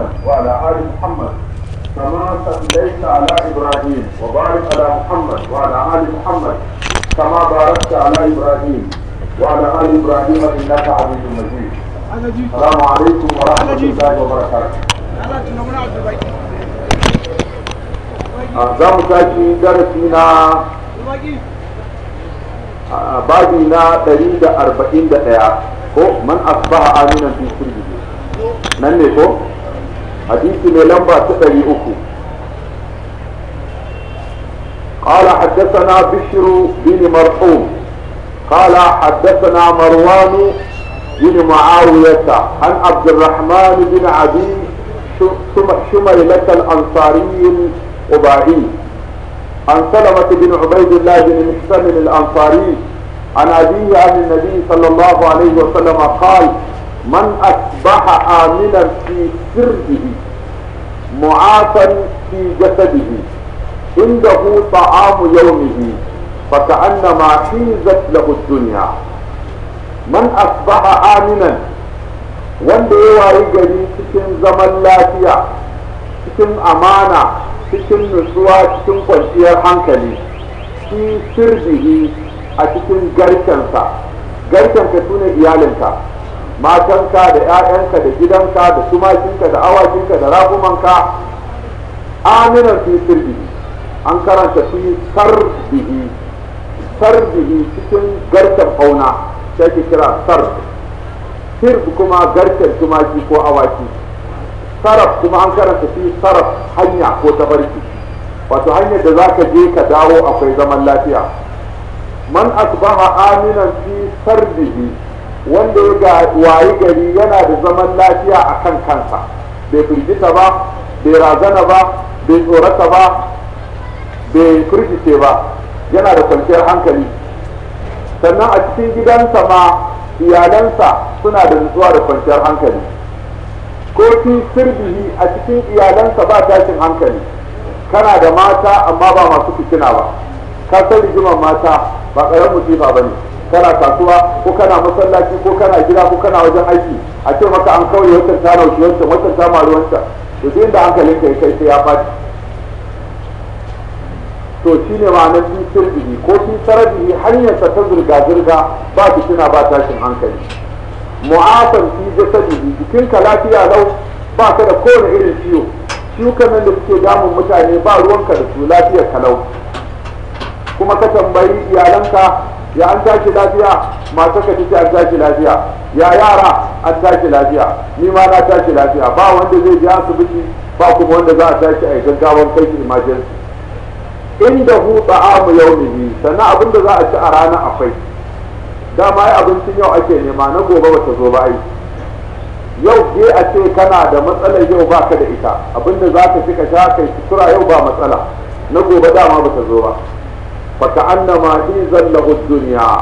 محمد وعلى آل محمد كما صليت على إبراهيم وبارك على محمد وعلى آل محمد كما باركت على إبراهيم وعلى آل إبراهيم إنك حميد مجيد السلام عليكم ورحمة الله وبركاته za mu tashi darasi na babi na 141 ko man asbaha aminan fi sirri nan ne ko حديث لمبا تقري أكو قال حدثنا بشر بن مرحوم قال حدثنا مروان بن معاوية عن عبد الرحمن بن عدي شميلة الأنصاري الأباعي عن سلمة بن عبيد الله بن محسن الأنصاري عن أبيه عن النبي صلى الله عليه وسلم قال من أصبح آمنا في سره معافا في جسده عنده طعام يومه فكأنما حيزت له الدنيا من أصبح آمنا wanda ya wayi gari cikin zaman lafiya cikin amana cikin nutsuwa cikin kwanciyar hankali fi sirbihi a cikin garkensa garkenka iyalinka matanka da 'ya'yanka da gidanka da tumakinka da awakinka da rafumanka, aminan fi sirbi an karanta fi sarbihi sarbihi cikin garken auna sai ke kira sar sirb kuma garken tumaki ko awaki saraf kuma an karanta fi sarab hanya ko tabarki wato hanyar da za ka je ka dawo akwai zaman lafiya man asbaha aminan fi sarbihi wanda ya ga wayi gari yana da zaman lafiya a kan kansa bai firgita ba bai razana ba bai tsorata ba bai firgice ba yana da kwanciyar hankali sannan a cikin gidansa ma iyalansa suna da nutsuwa da kwanciyar hankali ko fi sirbihi a cikin iyalansa ba tashin hankali kana da mata amma ba masu fitina ba ka san rigimar mata ba ƙaramin musifa ba ne kana kasuwa ko kana masallaci ko kana gida ko kana wajen aiki a ce maka an kauye wancan ta raushi wata wancan ta mari wancan to duk inda hankalin ka kai sai ya faɗi to shi ne ma'anar fi sirbihi ko fi sarabihi hanyarsa ta zirga-zirga ba tuna ba tashin hankali mu'afan fi jasadihi jikinka lafiya lau ba ka da kowane irin ciwo ciwukan nan da suke damun mutane ba ruwanka da su lafiyar kalau kuma ka tambayi iyalanka ya an tashi lafiya masu ka an tashi lafiya ya yara an tashi lafiya ni ma na tashi lafiya ba wanda zai je asibiti ba kuma wanda za a tashi a gaggawan kai emergency inda hu ta'amu yaumihi sannan abin da za a ci a rana akwai dama ai abincin yau ake nema na gobe bata zo ba ai yau ke a ce kana da matsalar yau baka da ita abinda za ka fi ka sha kai sutura yau ba matsala na gobe dama bata zo ba duniya, فكأنما إذن duniya الدنيا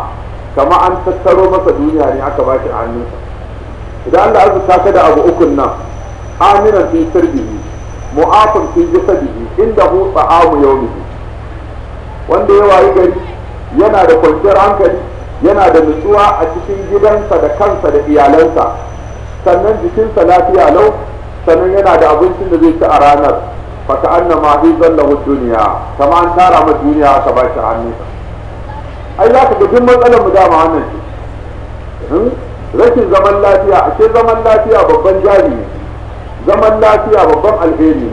كما أن تترو مسا دنيا يعني أكباك عنه إذا الله عز وجل أبو أكلنا آمنا في سربه mu'afin fi jasadihi inda hu ta'amu yawmihi wanda ya wayi gari yana da kwanciyar hankali yana da nutsuwa a cikin gidansa da kansa da iyalansa sannan jikinsa lafiya lau sannan yana da abincin da zai ci a ranar fata na ma fi zallahu duniya kama an tara ma duniya aka ba shi hannu ai za ka ga duk matsalar mu dama hannun ce rashin zaman lafiya ashe zaman lafiya babban jari ne zaman lafiya babban alheri ne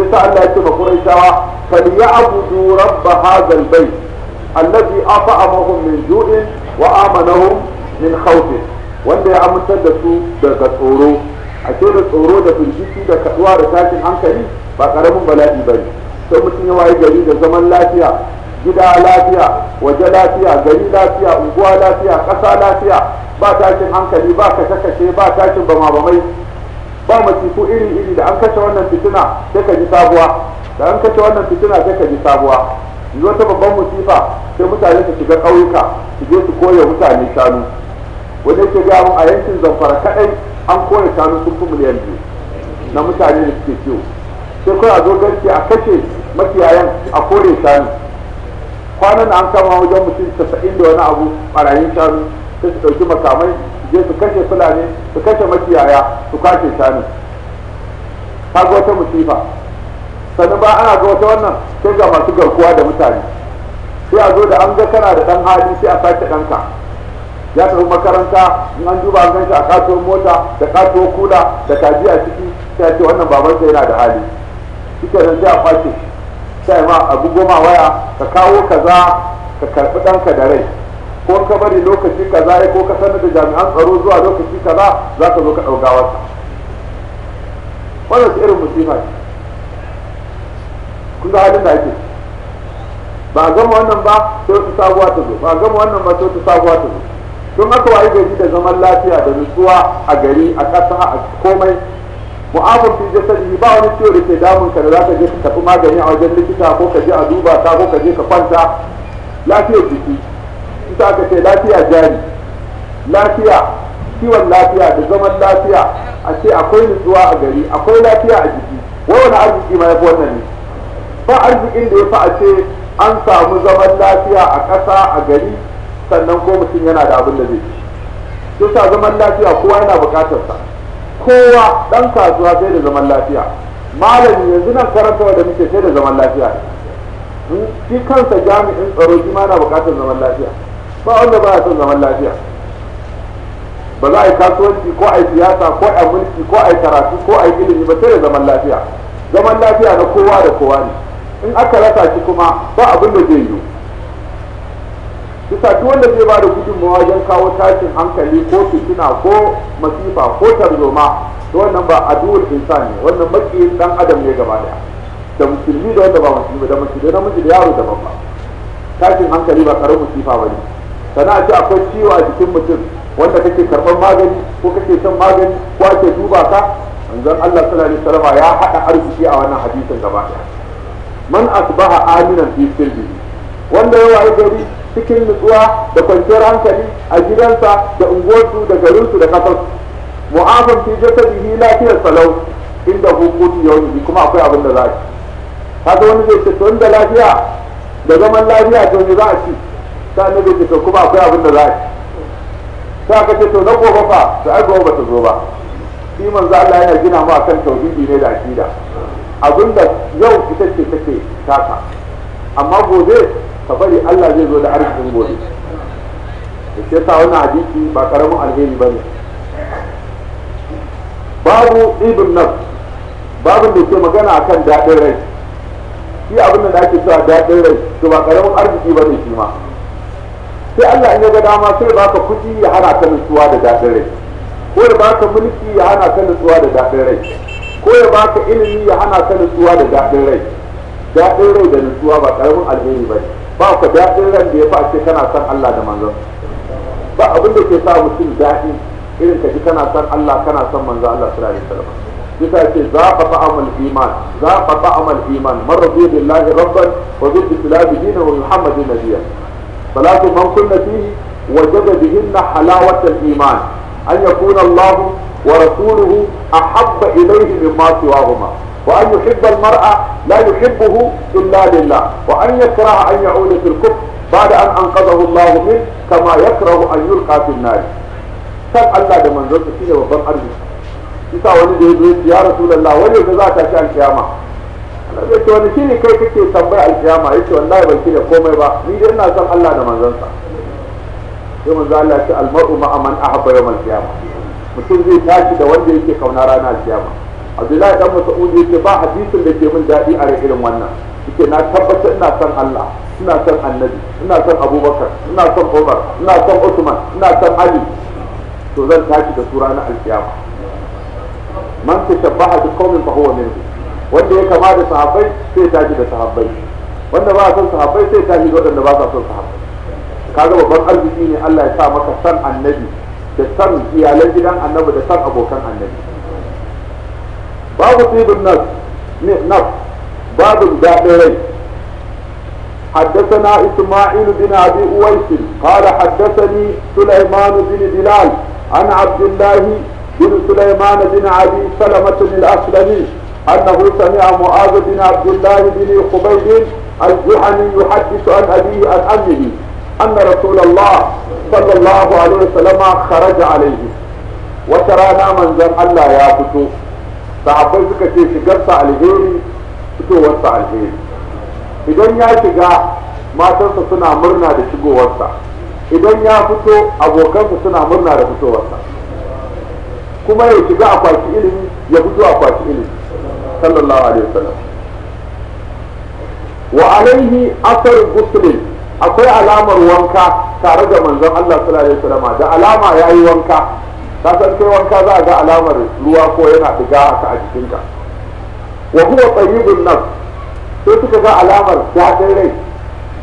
yasa Allah ya ce ma Quraishawa falyabudu rabb hadha albayt alladhi a min ju'in wa amanahum min wanda ya amintar da su daga tsoro a da tsoro da firgici da kaduwa da tashin hankali ba karamin bala'i ba ne sai mutum ya waye gari da zaman lafiya gida lafiya waje lafiya gari lafiya unguwa lafiya ƙasa lafiya ba tashin hankali ba kashe-kashe ba tashin bama-bamai ba masifu iri-iri da an kashe wannan fitina sai ka ji sabuwa da an kashe wannan fitina sai ka ji sabuwa yi wata babban musifa sai mutane su shiga ƙauyuka su je su koya mutane shanu wani ke gamu a yankin zamfara kaɗai an kone shanu sun fi miliyan biyu na mutane da suke ciwo sai kawai a zo garke a kashe makiyayan a kore shanu kwanan an kama wajen mutum casa'in da wani abu barayin shanu sai su ɗauki makamai je su kashe fulani su kashe makiyaya su kashe shanu ta ga wata musifa sannan ba ana ga wata wannan sai ga masu garkuwa da mutane sai a zo da an ga kana da ɗan hali sai a sake ɗanka ya tafi makaranta in an duba an ganshi a kato mota da kato kula da kaji a ciki sai ce wannan babansa yana da hali shike nan sai a kwace sai ma a goma waya ka kawo kaza ka karbi ɗanka da rai ko ka bari lokaci kaza ya ko ka sanar da jami'an tsaro zuwa lokaci kaza za ka zo ka ɗauka wata wannan irin musifa ce kun ga halin da ake ba a gama wannan ba sai wata sabuwa ta zo ba a gama wannan ba sai wata sabuwa ta zo don haka wayi gari da zaman lafiya da nutsuwa a gari a ƙasa a komai mu'amun fi jasadi ba wani ciwo da ke damun ka da za ka je ka tafi magani a wajen likita ko ka je a duba ka ko ka je ka kwanta lafiyar jiki ita aka ce lafiya jari lafiya kiwon lafiya da zaman lafiya a ce akwai nutsuwa a gari akwai lafiya a jiki wani arziki ma ya fi wannan ne ba arzikin da ya fi a ce an samu zaman lafiya a ƙasa a gari sannan ko mutum yana da abin da zai ci shi sa zaman lafiya kowa yana bukatar sa kowa dan kasuwa sai da zaman lafiya malami yanzu nan karanta da muke sai da zaman lafiya hmm? shi kansa jami'in tsaro shi ma yana buƙatar zaman lafiya ba wanda ba ya son zaman lafiya ba za a yi kasuwanci ko a yi siyasa ko a yi mulki ko a yi karatu ko a yi ilimi ba sai da zaman lafiya zaman lafiya na kowa da kowa ne in aka rasa shi kuma ba abin da zai yiwu bisa duk wanda zai ba da gudunmawa wajen kawo tashin hankali ko fitina ko masifa ko tarzoma to wannan ba a duwar ne wannan makiyin dan adam ne gaba daya da musulmi da wanda ba musulmi da musulmi da da yaro da ba. tashin hankali ba karamin masifa ba ne sana ce akwai ciwo a jikin mutum wanda kake karban magani ko kake son magani ko ake duba ka manzon Allah sallallahu alaihi wasallam ya hada arziki a wannan hadisin gaba daya man asbaha aminan fi sirri wanda ya wayi gari cikin nutsuwa da kwanciyar hankali a gidansa da unguwarsu da garinsu da kasarsu mu'afin fi jasadihi lafiyar salau inda ya wani kuma akwai abin da za a ci kaga wani zai ce to inda lafiya da zaman lafiya to ne za a ci ta ne zai ce to kuma akwai abin da za a ci ta ka ce to na gobe fa da ai ba ta zo ba shi manzo Allah yana gina mu akan tauhidi ne da akida abinda yau ita ce take taka amma gobe ka bari Allah zai zo da arzikin gobe da ke sa wannan hadisi ba karamin alheri ba ne. babu ibn nan Babu da ke magana kan daɗin rai shi abin da ake cewa daɗin rai to ba karamin arziki ba ne shi ma sai Allah in ya ga dama sai baka kuɗi ya hana ka nutsuwa da daɗin rai ko ya baka mulki ya hana ka nutsuwa da daɗin rai ko ya baka ilimi ya hana ka nutsuwa da daɗin rai daɗin rai da nutsuwa ba karamin alheri ba ne ba ku daɗin ran da ya fi ce kana son Allah da manzon ba abin da ke sa mutum daɗi irin ka ji kana son Allah kana son manzon Allah sallallahu alaihi wasallam Kisa ce za fa ta'amal iman za fa ta'amal iman man radiya billahi rabban wa bi islami dinan wa muhammadin nabiyya salatu man kunna fihi wajada bihinna halawata iman an yakuna Allah wa rasuluhu ahabba ilayhi mimma siwahuma وأن يحب المرأة لا يحبه إلا لله وأن يكره أن يعود في الكفر بعد أن أنقذه الله منه كما يكره أن يلقى في النار كان الله ده من ذلك فيه وبر أرضه يسا ولي ده يقول يا رسول الله ولي جزاك عشان القيامة أنا قلت ولي شيني كي كي تنبيع القيامة قلت والله بلكي قومي بقى نيجي إنا سم الله ده من ذلك يوم ذلك المرء مع من أحب يوم القيامة mutum zai tashi da wanda yake kauna abdullahi dan mas'ud yace ba hadisin da ke min daɗi a irin wannan yace na tabbatar ina son Allah ina son annabi ina son abubakar ina son umar ina son usman ina son ali to zan tashi da sura na alkiyama man tashabbaha bi qaumin fa huwa minhu wanda ya kama da sahabbai sai tashi da sahabbai wanda ba son sahabbai sai tashi da wanda ba sa son sahabbai kaga babban arziki ne Allah ya sa maka san annabi da san iyalan gidan annabi da san abokan annabi babu tibin nas nas babu daɗin rai حدثنا إسماعيل بن أبي أويس قال حدثني سليمان بن بلال عن عبد الله بن سليمان بن أبي سلمة الأسلمي أنه سمع معاذ بن عبد الله بن خبيب الجحني يحدث عن أبيه عن أمه أن رسول الله صلى الله عليه وسلم خرج عليه وترانا منزل الله يا فتو sahabbai suka ce shigar sa alheri fitowar sa alheri idan ya shiga matansa suna murna da shigowarsa idan ya fito abokansa suna murna da fitowarsa kuma ya shiga akwati ilimi ya fito akwati ilimi sallallahu alaihi wasallam wa alaihi asar guslin akwai alamar wanka tare da manzon Allah sallallahu alaihi wasallam da alama yayi wanka ka san kai wanka za a ga alamar ruwa ko yana diga haka a jikinka wa huwa tayyibun nafs sai suka ga alamar daɗin rai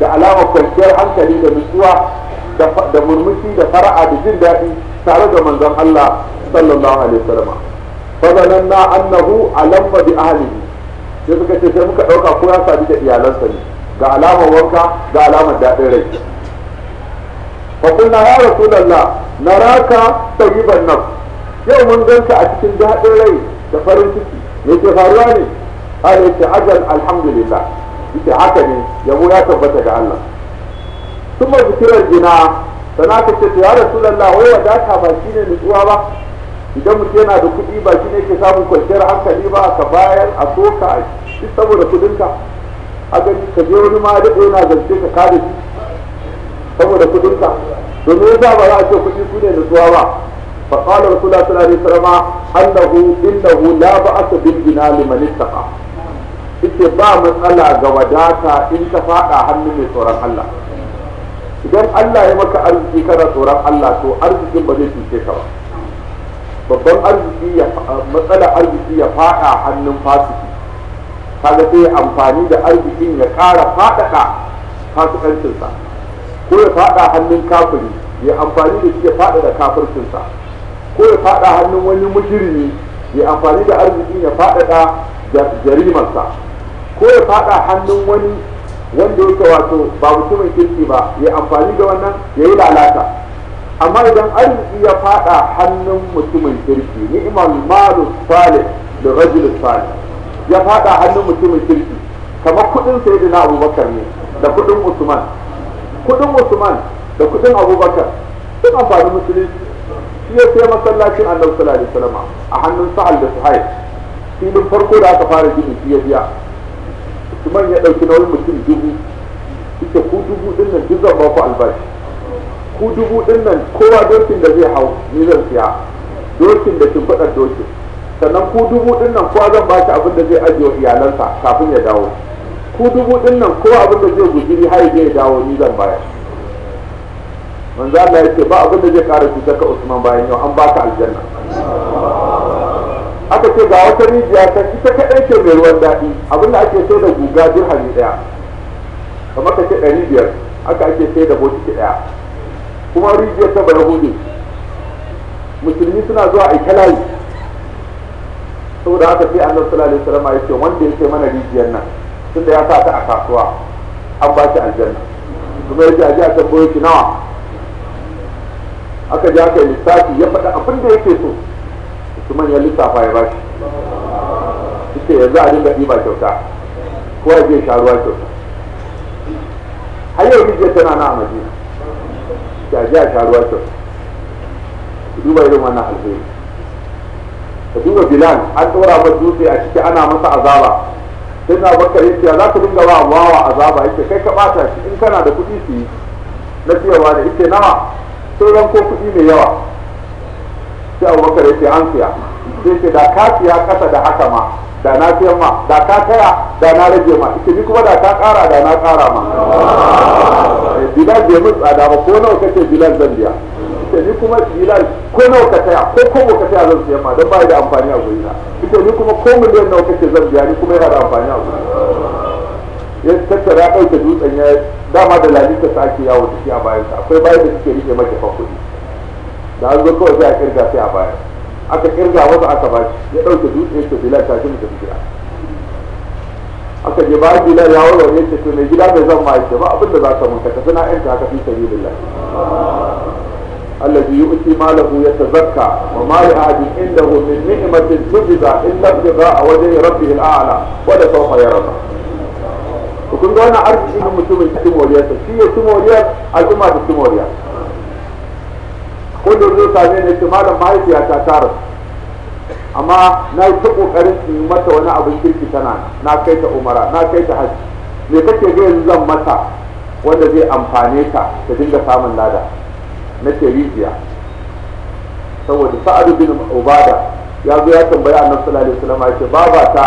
da alamar kwanciyar hankali da nutsuwa da murmushi da fara'a da jin daɗi tare da manzon Allah sallallahu alaihi wasallam na annahu alamma bi ahlihi sai suka ce sai muka ɗauka ko ya sadu da iyalansa ne ga alamar wanka ga alamar daɗin rai ya rasu رسول na raka طيب النفس yau mun ganka a cikin daɗin rai da farin ciki me faruwa ne ala yace ajal alhamdulillah yace haka ne yabo ya tabbata ga Allah kuma zikirar jina sana ka ce ya rasulullah wai wadata ba shine nutsuwa ba idan mutum yana da kuɗi ba shine ke samun kwanciyar hankali ba ka bayar a soka a saboda kuɗinka a gani ka je wani ma daɗe yana zance ka kada shi saboda kudin ka domin yasa ba za a ce kudi su ne nutsuwa ba fa qala rasulullah sallallahu alaihi wasallam annahu innahu la ba'sa bil ghina liman ittaqa ita ba matsala ga wadata in ta fada hannu mai tsoron Allah idan Allah ya maka arziki kana tsoron Allah to arzikin ba zai cuce ka ba babban arziki ya matsala arziki ya fada hannun fasiki kaga sai amfani da arzikin ya kara faɗaɗa fasikancinsa ko ya faɗa hannun kafiri ya amfani da shi ya fada da kafircinsa ko ya fada hannun wani mujirimi ya amfani da arziki ya faɗa da jarimarsa ko ya fada hannun wani wanda yake wato ba mutumin kirki ba ya amfani da wannan ya yi lalata amma idan arziki ya faɗa hannun mutumin kirki ni imam malu salih da rajul salih ya faɗa hannun mutumin kirki kamar kudin na abubakar ne da kudin usman kudin usman da kudin abubakar sun amfani musulunci shi ya sai masallacin annabi sallallahu alaihi wasallam a hannun sa'al da filin farko da aka fara gini shi ya biya usman ya ɗauki nauyin mutum dubu ita ku dubu din nan duk zan ba ku albashi ku dubu din nan kowa dokin da zai hau ni zan siya dokin da faɗa dokin sannan ku dubu din nan kowa zan ba shi abin da zai ajiye iyalansa kafin ya dawo ku dubu din nan ko abin da zai guziri har ya dawo ni zan bayar manzo Allah yake ba abin da zai kara shi daga Usman bayan yau an baka aljanna aka ce ga wata rijiya ta ita ka ce mai ruwan daɗi da ake so da guga hali ɗaya kamar ka ce ɗari biyar aka ake sai da bokiti ɗaya kuma rijiyar ta bara hudu musulmi suna zuwa a layi. saboda aka sai annabi sallallahu alaihi wasallam ya ce wanda ya ce mana rijiyar nan tunda ya sa ta a kasuwa an ba shi aljanna kuma ya ce a ji a tambaye shi nawa aka ji aka yi lissafi ya faɗa abin da yake so usman ya lissafa ya bashi ita yanzu a dinga ɗiba kyauta ko ya je sha ruwa kyauta har yau rijiya tana na a madina ya ji a sha ruwa kyauta ku duba irin wannan alheri ka duba bilan an ɗora ba dutse a ciki ana masa azaba sai na bakar yake za ka dinga wa wawa azaba yake kai ka bata shi in kana da kuɗi su yi na cewa da yake nawa sauran ko kuɗi mai yawa sai bakar yake an siya sai ce da ka siya kasa da haka ma da na siyan ma da ka kaya da na rage ma ita ni kuma da ka kara da na kara ma bilal bai mutu tsada ba ko nawa kake bilal zan biya ita ni kuma bilal ko nawa ka taya ko ko ka taya zan siya ma don ba da amfani a guri na ita ni kuma ko miliyan nawa kake zan biya ni kuma yana da amfani a guri ya tattara ya ɗauke dutsen ya dama da lalita ta ake yawo da shi a bayan sa akwai bayan da suke rike maka kuɗi da an zo kawai sai a kirga sai a bayan aka kirga wasu aka ba shi ya ɗauke dutse ya ce bilal ta shi mu gida aka je bayan bilal ya wura ya ce to mai gida bai zan ma ya ce ba abinda za ka mun ka tafi yanka haka fi billahi الذي يؤتي ماله يتزكى وما لأحد عنده من نعمة تجزى إلا ابتغاء وجه ربه الأعلى ولسوف يرضى وكن وانا أرجو إنه متوم التموريات في التموريات الأمة التموريات kullum zai same ni ce malam mahaifiya ta tara amma na yi ta kokarin su yi mata wani abin kirki tana na kai ta umara na kai ta hajji me kake ga yanzu zan mata wanda zai amfane ta ta dinga samun lada na rijiya saboda sa'adu bin ubada ya zo ya tambaya annabi sallallahu alaihi wasallam ya ce baba ta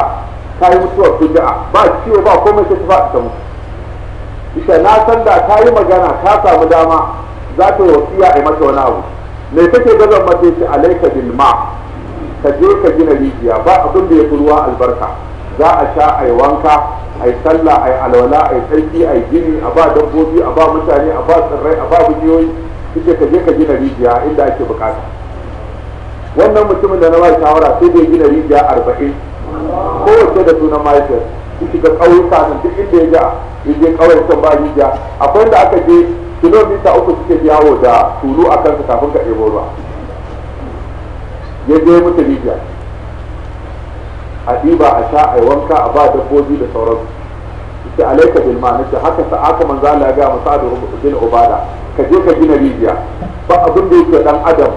ta yi mutuwar fuji'a ba ciwo ba komai sai ta ta mutu isa na san da ta yi magana ta samu dama za ta wasiya a mata wani abu me take gazan mata yace alaika bil ma ka je ka gina rijiya ba abin da ya fi ruwa albarka za a sha a yi wanka a yi sallah a yi alwala a yi tsarki a yi gini a ba dabbobi a ba mutane a ba tsirrai a ba bijiyoyi suke ka je ka gina rijiya inda ake bukata wannan mutumin da na ba shawara sai da gina rijiya arba'in kowace da sunan mahaifiyar su shiga ƙauyuka nan duk inda ya ja in je kawai can ba rijiya akwai da aka je kilomita uku suke yawo da tulu a kansa kafin ka ɗebo ruwa ya je mutu rijiya a ɗiba a sha a yi wanka a ba dabbobi da sauransu ita alaika bilma ce haka sa'a ka za Allah ya ga musa'ad bin ubada ka je ka gina rijiya ba abin da yake dan adam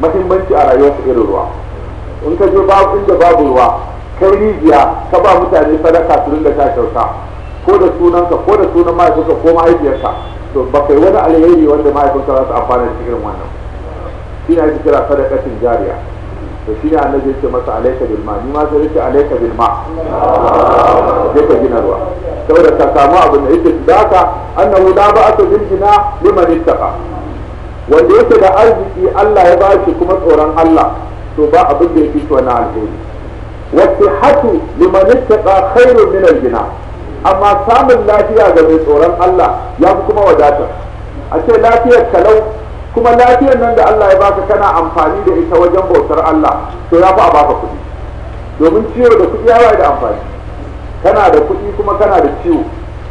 mahimmanci a rayuwarsa irin ruwa in ka je babu inda babu ruwa kai rijiya ka ba mutane sadaka su ringa ta kyauta ko da sunanka ko da sunan mahaifinka ko mahaifiyarka to ba kai wani alheri wanda mahaifinka za su amfana da irin wannan shi ne ake kira sadakatin jariya to shi ne annabi yake masa alaika bil ma ni ma sai yake alaika bil ma je ka gina ruwa saboda ka samu abin da yake daka annahu la ba'ata bil gina liman ittaqa wanda yake da arziki Allah ya ba shi kuma tsoron Allah to ba abin da yake so na alheri wasihatu liman ittaqa khairun min al gina amma samun lafiya ga mai tsoron Allah ya fi kuma wadata a ce lafiyar kalau kuma lafiyar nan da Allah ya baka kana amfani da ita wajen bautar Allah to ya fi a baka kuɗi domin ciwo da kuɗi ya da amfani kana da kuɗi kuma kana da ciwo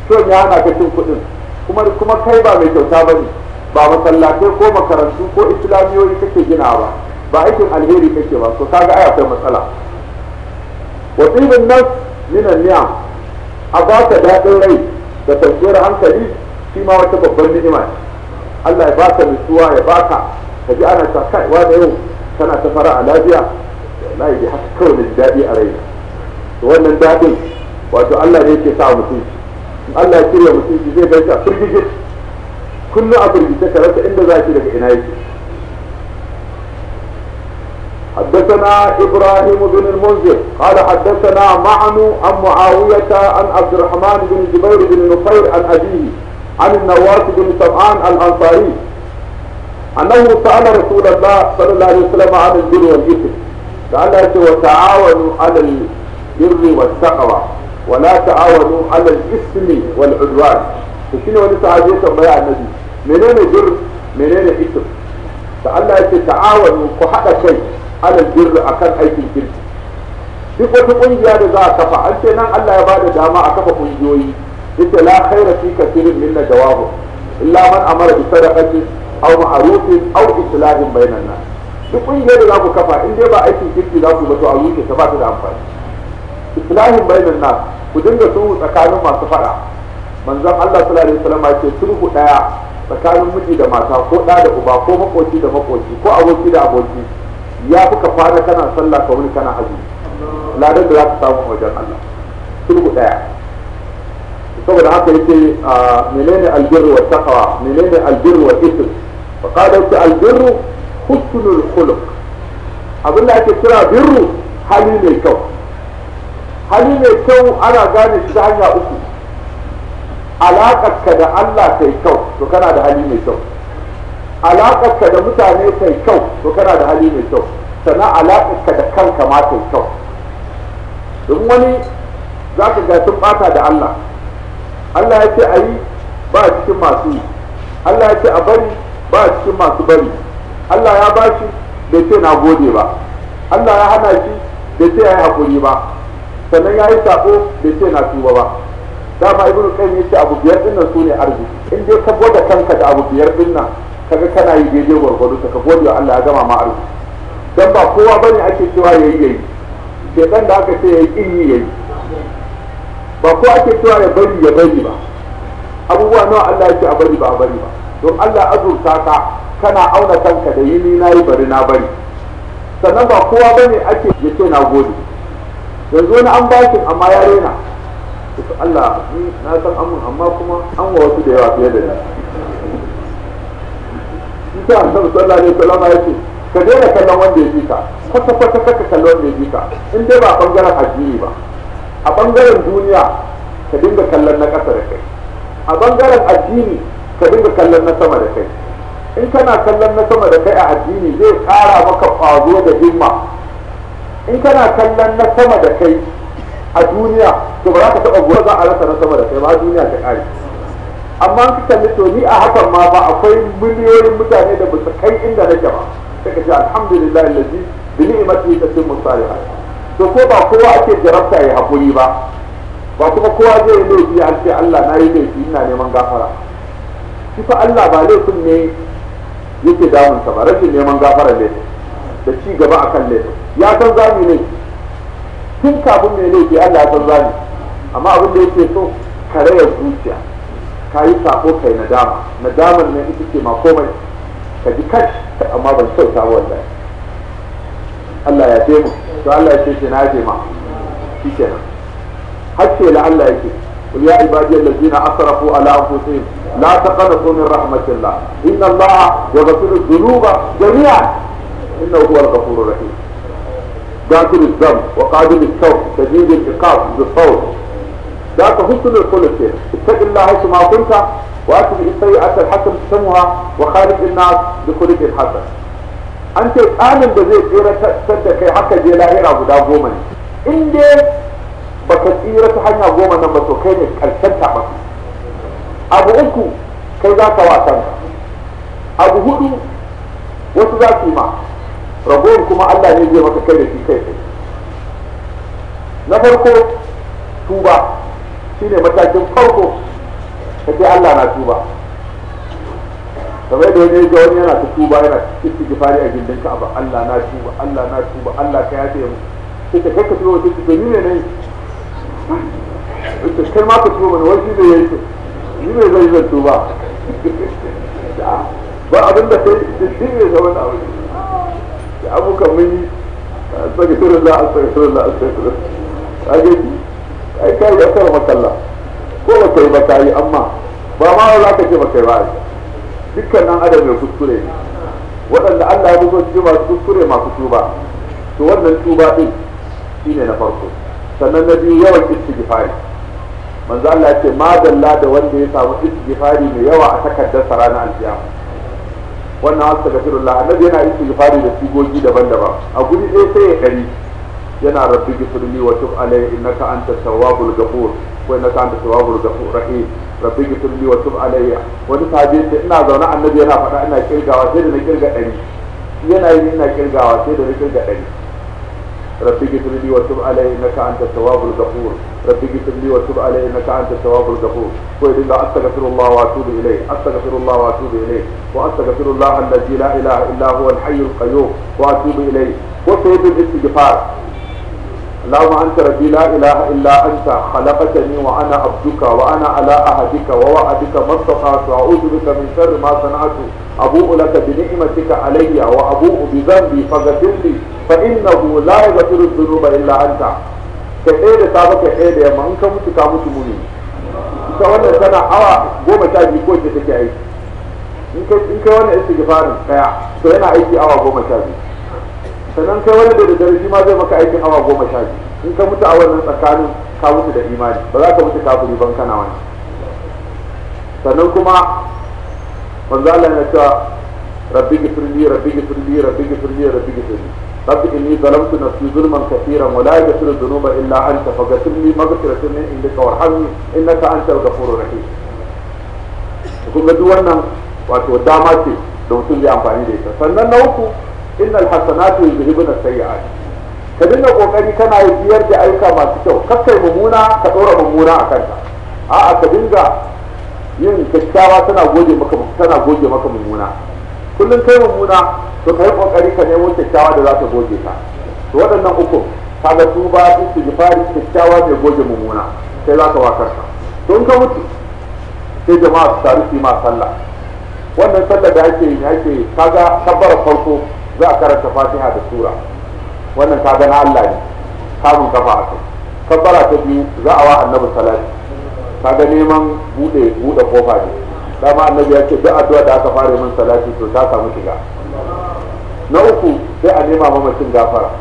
ciwon ya hana ka cin kuɗin kuma kuma kai ba mai kyauta ba ne ba masallatai ko makarantu ko islamiyoyi kake gina ba ba aikin alheri kake ba to kaga ai akwai matsala wa tibin nas min ni'am a baka daɗin rai da kwanciyar hankali shi ma wata babbar ni'ima Allah ya baka nutsuwa ya baka ka ji ana ta kai wa da yau tana ta fara a lafiya wallahi bi haka kawai da daɗi a rai to wannan daɗin wato Allah ne yake sa mutunci in Allah ya shirya mutunci zai bar ta firgige kullu a firgice ka rasa inda zaki daga ina yake حدثنا ابراهيم بن المنذر قال حدثنا معن عن معاويه عن عبد الرحمن بن جبير بن نفير عن ابيه عن النواس بن سمعان الأنصاري أنه سأل رسول الله صلى الله عليه وسلم عن البر والإثم قال وتعاونوا على البر والتقوى ولا تعاونوا على الإثم والعدوان وشنو wani sahabi ya tambaya annabi menene bir menene ism da Allah yake ta'awanu ku hada kai ala birri akan aikin kirki duk wata ƙungiya da za a kafa an ce nan Allah ya bada dama a kafa ƙungiyoyi. yace la khaira fi kathirin min illa man amara bi sadaqati aw ma'rufin aw islahin bainan nas duk kungiyar da za ku kafa in dai ba aikin kirki za ku ba to a wuce ta ba ta da amfani islahin bainan nas ku dinga sulhu tsakanin masu fada manzon Allah sallallahu alaihi wasallam ya ce sulhu daya tsakanin miji da mata ko da da uba ko makoci da makoci ko aboki da aboki ya fi ka fara kana sallah ka wani kana azumi ladan da za ka samu wajen Allah sulhu daya saboda haka yake menene albirru wa taqwa menene albirru wa ism fa qala ta albirru husnul khuluq da ake kira birru hali mai kyau hali mai kyau ana gane shi ta hanya uku alaƙarka da Allah kai kyau to kana da hali mai kyau alaƙarka da mutane kai kyau to kana da hali mai kyau sannan alaƙarka da kanka ma kai kyau don wani za ka ga sun ɓata da Allah Allah ya ce a yi ba a cikin masu yi Allah ya ce a bari ba a cikin masu bari Allah ya ba shi bai ce na gode ba Allah ya hana shi bai ce ya yi haƙuri ba sannan ya yi saƙo bai ce na tuba ba dama ibnu ya ce abu biyar dinnan su ne arziki in dai ka gode kanka da abu biyar dinnan ka kaga kana yi daidai gwargwado ka gode wa Allah ya gama ma arziki dan ba kowa bane ake cewa yayi yayi shedan da aka ce yayi in yi yayi ba ko ake cewa ya bari ya bari ba abubuwa nawa Allah yake a bari ba a bari ba to Allah azurta ka kana auna kanka da yini na yi bari na bari sannan ba kowa bane ake ya ce na gode yanzu wani an bakin amma ya rena to Allah ni na san amun amma kuma an wa wasu da yawa fiye da ni Isa Annabi sallallahu alaihi wasallam ya ce ka daina kallon wanda ya jika, kwata kwata kaka kallon wanda ya jika, in dai ba a bangaren addini ba a ɓangaren duniya ka dinga kallon na ƙasa da kai a bangaren addini ka dinga kallon na sama da kai in kana kallon na sama da kai a addini zai ƙara maka ƙwazo da himma in kana kallon na sama da kai a duniya to ba za ka taɓa gobe za a rasa na sama da kai ba duniya ta ƙare amma in ka kalli to ni a hakan ma ba akwai miliyoyin mutane da ba su kai inda nake ba sai ka ce alhamdulillah allazi bi ni'matihi tatimmu salihat to ko ba kowa ake jarabta ya haƙuri ba ba kuma kowa zai laifi an ce Allah na yi laifi ina neman gafara shi fa Allah ba laifin ne yake damunsa ba rashin neman gafara ne da ci gaba akan laifin ya san zami ne tun kafin mai laifi Allah ya san zami amma abin da yake so ya zuciya ka yi sako kai nadama nadamar ne ita ce ma komai ka ji kashi amma ban kyauta wallahi Allah ya ce mu to Allah ya ce na ce ma shi kenan hakke la Allah yake qul ya ibadi allazina asrafu ala anfusihim la taqnatu min rahmatillah inna Allah yaghfiru dhunuba jami'an huwa al ghafurur rahim wa qadir al-tawb tajid al-dhanb al-iqab bi-tawb غافر الذنب وقابل التوب شديد العقاب بالصوت kunta wa atbi al-sayyi'ata al-hasana واتبع السيئه الحسن تسمها وخالق الناس بخلق hasan an ce tsamin da zai tsiratar da kai haka je lahira guda goma ne in dai baka tsira ta hanya goma nan ba to kai ne karshen taɓa abu uku kai za ka wasan abu hudu wasu za su yi ma ragowar kuma allah ne zai maka kai da shi kai na farko tuba shine matakin farko ka ce allah na tuba kamar da wani ga wani yana ta tuba yana istighfari a gindin ka ba Allah na tuba Allah na tuba Allah ka yafe mu sai ta kai ka tuba wata tuba ni ne nayi ita kai ma ka tuba mana wani zai yi to ni ne zai zan tuba ba abin da kai da shi ne ga wani abu da abukan mun yi astaghfirullah astaghfirullah astaghfirullah kage ai kai da kar makalla ko ba kai ba kai amma ba ma za ka ce ba kai ba dukkan nan adam mai kuskure ne waɗanda Allah ya zo cikin masu kuskure masu tuba to wannan tuba din shine na farko sannan na biyu yawan istighfari manzo Allah ya ce madalla da wanda ya samu istighfari mai yawa a takaddarsa ranar alkiyama wannan la'a nabi yana gifari da sigogi daban-daban a guri ɗaya sai ya kari yana rabbi gifirli wa tub in innaka antat tawwabul ghafur وانك انت التواب الرحيم rabbi gifir li wa tub alayya wani sahabi ce ina zaune annabi yana faɗa ina kirgawa sai da na kirga ɗari yana yi ina kirgawa sai da na kirga ɗari rabbi gifir li wa tub alayya innaka anta tawwabul ghafur rabbi gifir li wa tub alayya innaka anta tawwabul ghafur ko idan ga astaghfirullah wa atubu ilayh astaghfirullah wa atubu ilayh wa astaghfirullah alladhi la ilaha illa huwa al-hayy al-qayyum wa atubu ilayh wa sayyidul istighfar اللهم أنت ربي لا إله إلا أنت خلقتني وأنا عبدك وأنا على عهدك ووعدك ما استطعت وأعوذ بك من شر ما صنعت أبوء لك بنعمتك علي وأبوء بذنبي فاغفر لي فإنه لا يغفر الذنوب إلا أنت كأيد سابك أيد يا من كمت كمت مني ita wannan tana awa goma sha biyu ko ita take aiki in kai wannan istighfarin kaya to yana aiki awa goma sha biyu sannan kai wani da dare shi ma zai maka aikin awa goma sha biyu in ka mutu a wannan tsakanin ka mutu da imani ba za ka mutu kafiri ban kana wani sannan kuma manzo Allah ya ce rabbi gifirli rabbi gifirli rabbi gifirli rabbi gifirli rabbi inni zalamtu nafsi zulman katiran, wa la yaghfiru dhunuba illa anta faghfir li maghfiratan min indika warhamni innaka antal ghafurur rahim kun ga duk wannan wato dama ce da mutum zai amfani da ita sannan na uku innal hasanatu yuzhibuna sayyi'at ka dinga kokari kana biyar da aika masu kyau kakkai mummuna ka dora mummuna a kanka a'a ka dinga yin kyakkyawa tana goge maka tana goge maka mummuna kullum kai mumuna to kai kokari ka nemo kyakkyawa da za ta goge ka to waɗannan uku kaga tuba fari kyakkyawa mai goge mumuna sai za ka wakar ka to in ka mutu sai jama'a su taru su yi ma sallah wannan sallah da ake yi ake kaga kabbara farko za a karanta fatiha da sura wannan ka gana Allah ne kamun kafa a kai kabbara ta biyu za a wa annabi salati ka ga neman bude bude kofa ne dama annabi ya ce duk addu'a da aka fara min salati to ta samu shiga na uku sai a nema mamacin gafara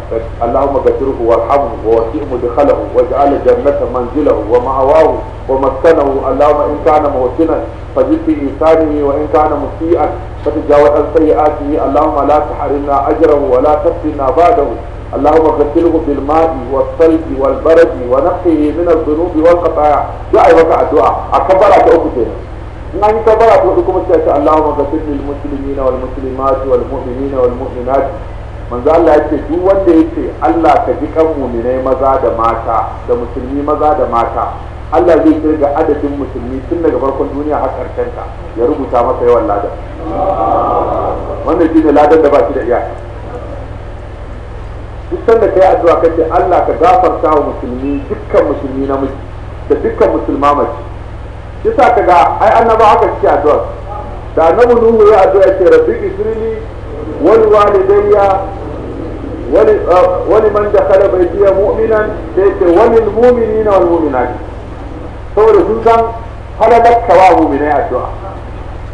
Allahumma ghafirhu warhamhu wa wasi' mudkhalahu waj'al jannata manzilahu wa ma'awahu wa maskanahu Allahumma in kana muhsinan fajid bi wa in kana musii'an فتجاوز عن سيئاته اللهم لا تحرمنا أجره ولا تفتنا بعده اللهم غسله بالماء والثلج والبرد ونقه من الذنوب والقطايا يا أيها الدعاء أكبرك أكبرك in an yi tabbara ta kuma sai ce Allahumma ghafir lil muslimina wal muslimat wal mu'minina wal mu'minat manzo Allah yace duk wanda yace Allah ka ji kan mu'minai maza da mata da musulmi maza da mata Allah zai kirga adadin musulmi tun daga farkon duniya har karshen ya rubuta masa yawan ladan wannan ne ladan da ba shi da iyaka duk sanda kai addu'a kace Allah ka gafarta wa musulmi dukkan musulmi miji da dukkan musulma mace yasa ga, ai annaba haka shi addu'a da annabi Nuhu ya addu'a ce rabbi isrini wal walidayya uh, sai ce بيتي mu'minina wal والمؤمنات saboda sun san halalar kawa muminai addu'a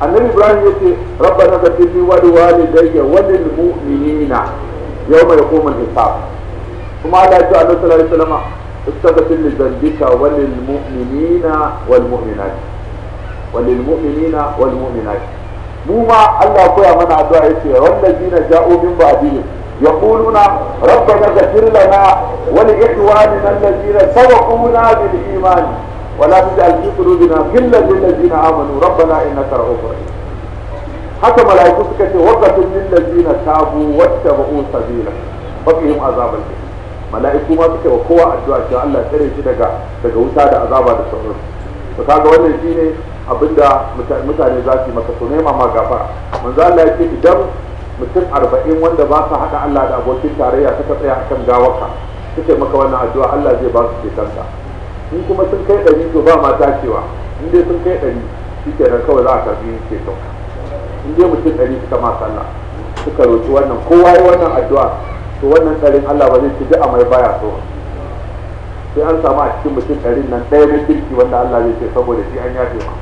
annabi ibrahim ya ce rabbana ghfir li wa liwalidayya wa lil mu'minina yawma yaqumul hisab kuma Allah ya ce annabi sallallahu alaihi wasallam استغفر لذنبك وللمؤمنين والمؤمنات وللمؤمنين والمؤمنات mu ma Allah koya mana addu'a yace wallazina ja'u min ba'dihim yaquluna rabbana ghfir lana wa li ikhwanina allazina sabaquna bil ولا تجعل في قلوبنا غلا للذين امنوا ربنا انك رؤوف رحيم haka mala'iku suka ce waqatul lil ladina tabu wattaba'u sabila faqihim azabal mala'iku ma suka wa kowa addu'a cewa Allah tsare shi daga daga wuta da azaba da sauran to kaga wannan shine abinda mutane za su yi maka to nema ma gafara manzo Allah ya ce idan mutum arba'in wanda ba sa haɗa Allah da abokin tarayya suka tsaya akan gawaka, suke maka wannan addu'a Allah zai ba su cetonka in kuma sun kai ɗari to ba ma cewa in dai sun kai ɗari shi ke nan kawai za a karbi yin ceton in dai mutum ɗari suka ma sallah suka roƙi wannan kowa ya wannan addu'a to wannan ɗarin Allah ba zai ci duk mai baya so sai an samu a cikin mutum ɗarin nan ɗaya na kirki wanda Allah zai ce saboda shi an yafe ma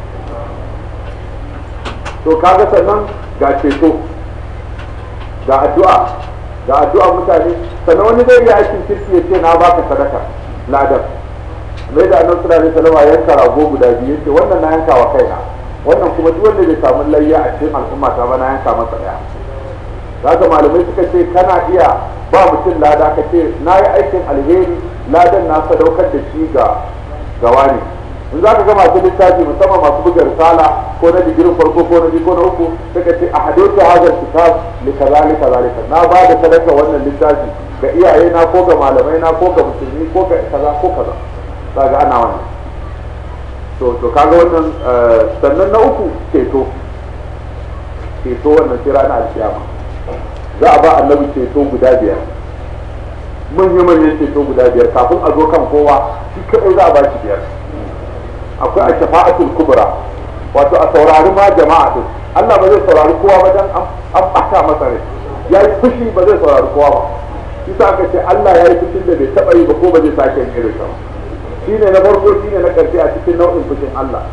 to kaga sannan ga ceto ga addu'a ga addu'a mutane sannan wani zai yi aikin kirki ya ce na baka sadaka ladar. mai da annabi sallallahu alaihi wasallam yanka rago guda biyu yace wannan na yanka wa kaina wannan kuma duk wanda bai samu layya a cikin al'umma ta ba na yanka masa daya kaga malamai suka ce kana iya ba mutum lada ka ce na yi aikin alheri ladan na sadaukar da shi ga gawa ne in za ka ga masu littafi musamman masu buga risala ko na digirin farko ko na biyu ko na uku suka ce a hadaitu hazar kitab li kaza li kaza li na ba da sadaka wannan littafi ga iyaye na ko ga malamai na ko ga musulmi ko ga kaza ko kaza saga ana wani to to kaga wannan eh, sannan na uku ceto ceto wannan sai na alkiyama za a ba annabi ceto guda biyar muhimmanci ceto guda biyar kafin a zo kan kowa shi kadai za a ba shi biyar akwai a shafa'atul kubra wato a saurari ma jama'a din Allah ba zai saurari kowa ba dan an bata masa ne ya yi fushi ba zai saurari kowa ba isa ka ce Allah ya yi fushin da bai taba yi ba ko ba zai sake yin irin ba shine na farko shine na karfi a cikin nau'in fushin Allah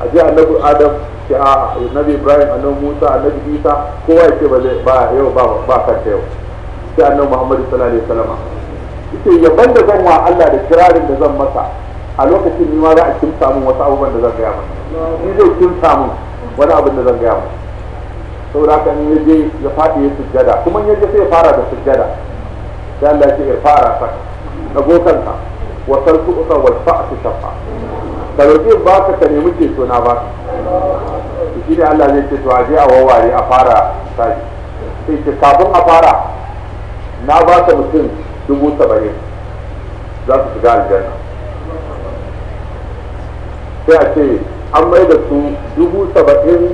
a ji annabi Adam ke a annabi Ibrahim annabi Musa annabi Isa kowa ya ce ba zai ba yau ba ba kanta yau sai annabi Muhammadu sallallahu alaihi wasallam yace yaban da zan wa Allah da kirarin da zan masa a lokacin ni ma za a kimsa mun wasu abubuwan da zan gaya masa ni zai kimsa mun wani abin da zan gaya masa saboda haka in yaje ya faɗi ya sujjada kuma in yaje sai ya fara da sujjada sai Allah ya ce ya fara saka dago kanka wa sarku uka wal fa'su shafa ka roƙi ba ka ka nemi ceto na ba shi ne Allah zai ce to aje a wawari a fara sai sai ce kafin a fara na ba ka mutum dubu saba'in za su shiga aljanna sai a ce an mai da su dubu saba'in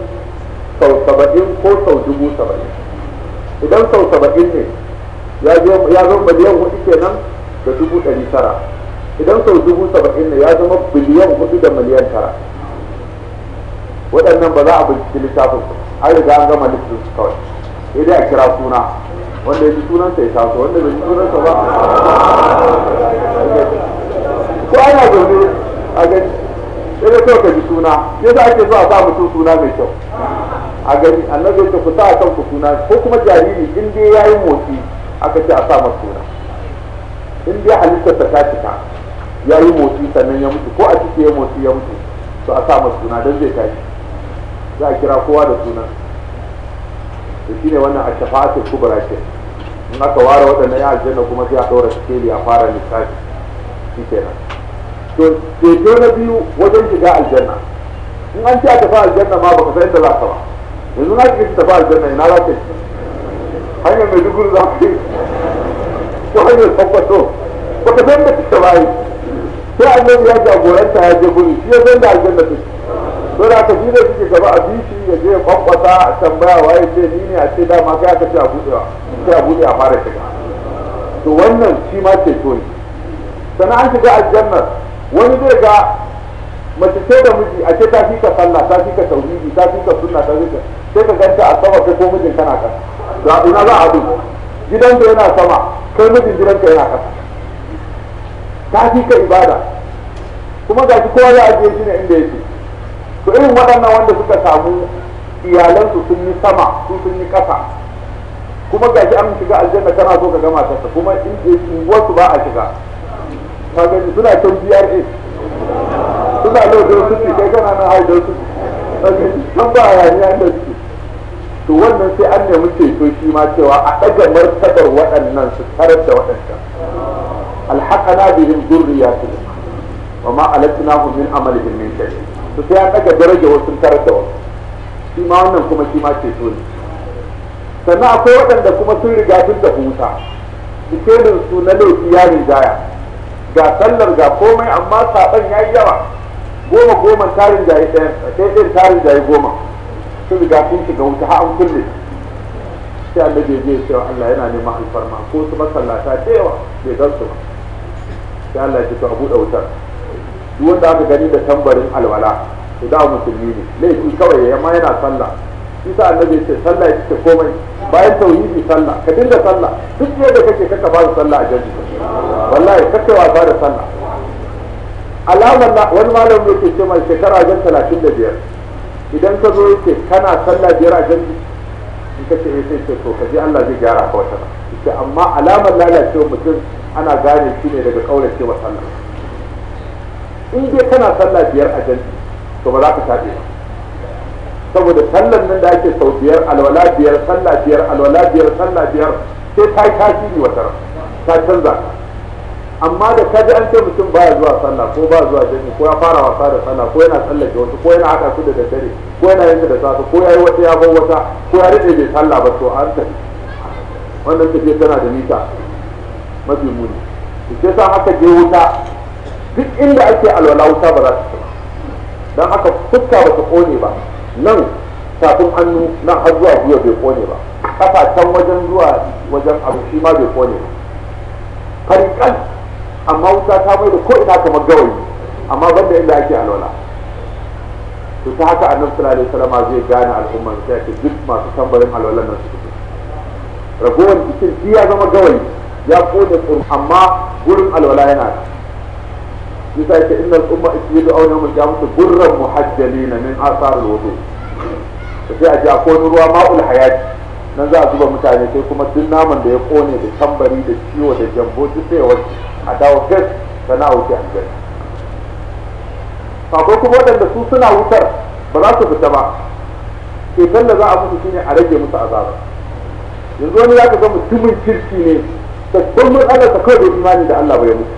sau saba'in ko sau dubu saba'in idan sau saba'in ne ya zo miliyan hudu kenan da dubu ɗari tara idan sau dubu saba'in ne ya zama biliyan hudu da miliyan tara waɗannan ba za a binciki littafin an riga an gama littafin su kawai sai dai a kira suna wanda ya ji sunansa ya so wanda bai ji sunansa ba ko ana zaune a gani sai da kyau ka ji suna sai za ake so a sa mutum suna mai kyau a gani annabi ya ce ku sa a kanku suna ko kuma jariri in dai ya yi motsi aka ce a sa masa suna in dai halittarsa ta cika ya yi motsi sannan ya mutu ko a ciki ya motsi ya mutu to a sa masa suna don zai tashi za a kira kowa da suna to ne wannan a shafa'atul kubra ce in aka ware waɗannan ya aljanna kuma sai a ɗora sikeli a fara lissafi shi kenan to ceto na biyu wajen shiga aljanna in an ce a tafi aljanna ma baka san inda za ka ba yanzu na shiga tafi aljanna ina za ka yi hanyar mai duguru za ka yi ne kwakwato ba ka san da ta bayi sai annabi ya jagoranta ya je guri shi ya san da aljanna ta to da aka shi ne suke gaba a bishi ya je ya kwakwata a tambaya wa ya ce ni ne a ce dama kai aka ce a buɗewa sai a buɗe a fara shiga to wannan shi ma ceto ne sannan an shiga aljanna wani zai ga mace ce da miji a ce ta fi ka sallah ta fi ka tauhidi ta fi ka sunna ta fi ka sai ka ganta a sama kai ko mijin kana kan da ina za a bi gidan da yana sama kai mijin gidanka yana kasa ta fi ka ibada kuma ga shi kowa ya ajiye shi ne inda yake to irin waɗannan wanda suka samu iyalansu sun yi sama su sun yi ƙasa kuma ga shi an shiga aljanna kana so ka gama tasa kuma wasu ba a shiga ka gani suna can GRA suna lokacin suke kai kana nan haidar su ka gani can ba a yaniya da suke to wannan sai an nemi ceto shi ma cewa a ɗaga martabar waɗannan su tarar da waɗancan alhaƙana bihim zurriyatuhum wa ma alatnahum min amalihim min shay to sai an ɗaga daraja wasu tarar da wasu shi ma wannan kuma shi ma ceto ne sannan akwai waɗanda kuma sun riga sun tafi wuta misalin su na laifi ya rinjaya ga sallar ga komai amma saɓan ya yi yawa goma goma tarin jaye ɗayan ɗayan tarin jaye goma sun riga sun shiga wuta har an kulle sai annabi ya je cewa Allah yana neman alfarma ko su masallata da yawa bai gan su ba sai Allah ya ce to a buɗe wutar duk wanda aka gani da tambarin alwala to da musulmi ne laifi kawai ya ma yana sallah shi sa annabi ce sallah ya ce komai bayan tauhidi sallah ka dinga sallah duk yadda kake kaka ba sallah a jannu wallahi kake wasa da sallah alamar wani malamin yake ce mai shekara da biyar. idan ka zo yake kana sallah biyar a jami'i in ka ce eh, sai ce to kaje Allah zai gyara ka wata ce amma alamar lalacewa mutum ana gane shi ne daga kaurace wa sallah in dai kana sallah biyar a jami'i to ba za ka tabe ba saboda sallar nan da ake sau biyar alwala biyar sallah biyar alwala biyar sallah biyar sai ta yi tasiri wata ta canza ka amma da kaji an ce mutum baya zuwa sallah ko ba zuwa jami'i ko ya fara wasa da sallah ko yana tsallake wasu ko yana haka su da daddare ko yana yin da safe ko ya yi wata ya bar wata ko ya rike bai sallah ba to an tafi wannan tafiya tana da nisa mafi muni da ke sa haka je wuta duk inda ake alwala wuta ba za ta ci don haka fuska ba ta kone ba nan tafin hannu nan har zuwa gwiwa bai kone ba kafa can wajen zuwa wajen abu shi ma bai kone ba farikan amma wuta ta mai da ko'ina kamar gawayi amma da inda ake alwala to ta haka annabi sallallahu alaihi wasallam zai gane al'ummar sai ce duk masu tambarin alwalan nan su fito ragowar jikin shi ya zama gawayi ya kone tsoro amma gurin alwala yana da yasa yake innal umma isyidu aw mutu qiyamati burran na min athar Ta sai a ji akwai ruwa ma'ul hayati nan za a zuba mutane sai kuma duk naman da ya kone da tambari da ciwo da jambo duk sai ya wanke a dawo gas sana wuce a gas ba kuma waɗanda su suna wutar ba za su fita ba ceton da za a musu shine a rage musu azaba yanzu wani zaka ga mutumin kirki ne babban matsalar ta kawai bai imani da Allah bai mutu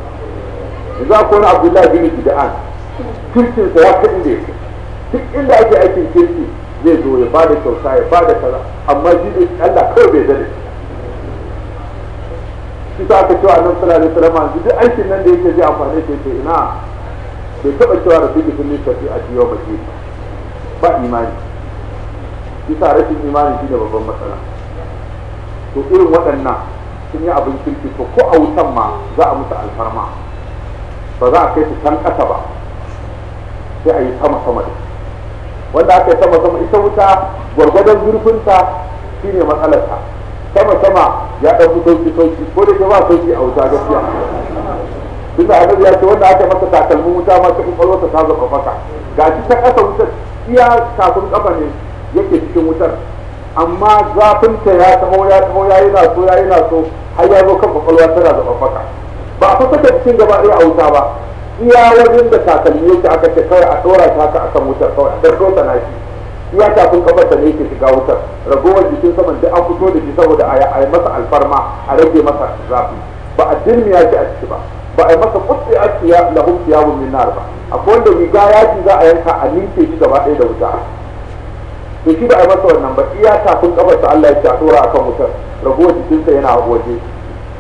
yanzu akwai wani Abdullahi bin Bid'an kirkin sa ya kadin da yake duk inda ake aikin kirki zai zo ya bada kyauta ya bada kaza amma shi Allah kawai bai zane shi ta aka cewa nan tsara da tsara yanzu duk aikin nan da yake zai amfani shi ke ina bai taba cewa da suke sun lissafi a ciwo ba ce ba imani shi ta rashin imani shi da babban matsala to irin waɗannan sun yi abin kirki to ko a wutan ma za a musu alfarma ba za a kai su can ƙasa ba sai a yi sama sama da wanda aka yi sama sama ita wuta gwargwadon zurfinta shine matsalarta sama sama ya dan fi sauki sauki ko da ba sauki a wuta gaskiya tunda annabi ya ce wanda aka masa takalmin wuta ma ta ta zaka faka ga shi ta kasa wuta iya kafin kafa ne yake cikin wutar amma zafinta ya taho ya taho ya yi naso ya yi naso har ya zo kan kwakwalwa tana zaka faka ba a fasaka cikin gaba ɗaya a wuta ba iya wajen da takalmi yake aka ce kawai a ɗora ta ka akan wutar kawai a ɗarɗo na shi iya tafin kafar ta ne yake shiga wutar ragowar jikin saman da an fito da shi saboda a yi masa alfarma a rage masa zafi ba a ya ce a ciki ba ba a yi masa kutse a ya lahum siyabun min nar ba akwai wanda riga yaji za a yanka a nike shi gaba ɗaya da wuta to shi da a yi masa wannan ba iya kun kafar ta Allah ya ce a dora akan wutar ragowar jikinsa yana waje